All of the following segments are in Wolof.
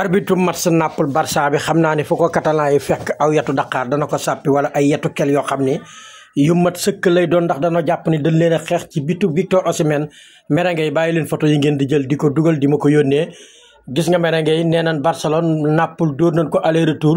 arbitre match Naples Barça bi xam naa ne foo ko catalan yi fekk aw yetu Dakar dana ko sàppi wala ay yetu kel yoo xam ni yu mat sëkk lay doon ndax danoo jàpp ni dañ leen a xeex ci bitu Victor Osimhen merengue yi bàyyi leen photo yi ngeen di jël di ko dugal di ma ko yónnee gis nga merengue yi nee nañ Barcelone Naples dóor nañ ko aller retour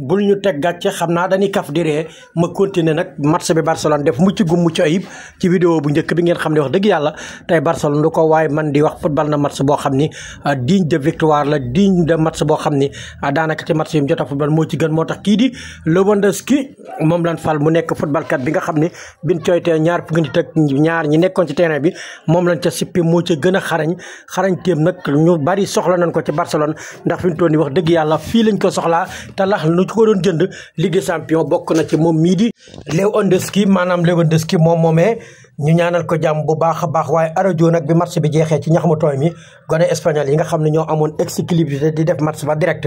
bul ñu teg gàcce xam naa dañuy kaf di ree ma continuer nag match bi Barcelone def mucc gu mucc ayib ci vidéo bu njëkk bi ngeen xam ne wax dëgg yàlla tey Barcelone du ko waaye di wax football na match boo xam ni ah, digne de victoire la digne de boo xam ni ah, daanaka ci match yi jot a moo ci gën moo tax kii di Lewandowski moom lan fal mu nekk footballkat bi nga xam ni bin coytee ñaar fukki nit ak ñaar ñi nekkoon ci terrain bi moom lañ ca sippi moo ca gën a xarañ xarañ téem nag ñu bari soxla nañ ko ci Barcelone ndax fi mu toll wax dëgg yàlla fii lañ ko soxlaa te lax ku ko doon jënd Ligue des champions bokk na ci moom mii di Lewandowski maanaam Lewandowski moom moomee ñu ñaanal ko jàmm bu baax a baax waaye arajo nag bi match bi jeexee ci ñax mu tooy mi gone espagnol yi nga xam ne ñoo amoon ex exclusivité di def match ba direct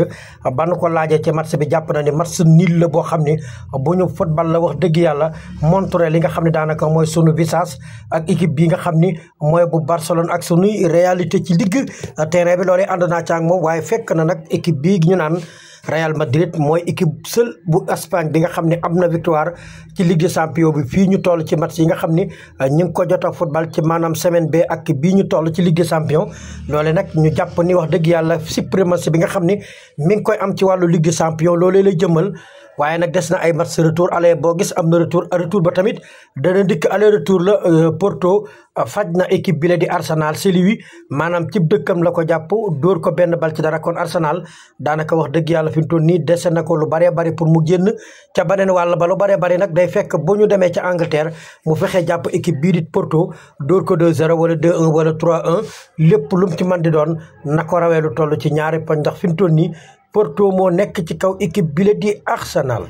ban ko laajee ci match bi jàpp na ni match nil boo xam ni bu ñu football la wax dëgg yàlla montré li nga xam ne daanaka mooy sunu visage ak équipe bi nga xam ni mooy bu Barcelone ak sunuy réalité ci ligue terrain bi loolee ànd naa caag waaye fekk na nag équipe bi ñu naan Real Madrid mooy équipe seul bu Espagne bi nga xam ne am na victoire ci Ligue des Champions bi fii ñu toll ci match yi nga xam ni euh, ñu ngi ko jot a football ci maanaam semaine bi ak bii ñu toll ci Ligue des Champions loole nag ñu jàpp ni wax dëgg yàlla suprématie bi nga xam ni mi ngi koy am ci wàllu Ligue des Champions loolee lay jëmal waaye nag des na ay match retour aller boo gis am na retour retour ba tamit dana dikk aller retour la euh, Porto euh, faj na équipe bi la di Arsenal si lui maanaam cib dëkkam la ko jàpp dóor ko benn bal ci dara kon Arsenal daanaka wax dëgg yàlla fi mu toll nii dese na ko lu baree bari pour mu génn ca beneen wàll ba lu baree bari nag day fekk boo ñu demee ca Angleterre mu fexe jàpp équipe bii di Porto dóor ko 2-0 wala 2-1 wala trois en lépp lu mu ci mën di doon na ko rawee lu toll ci ñaari poñ fi mu toll nii Porto moo nekk ci kaw équipe bile di Arsenal.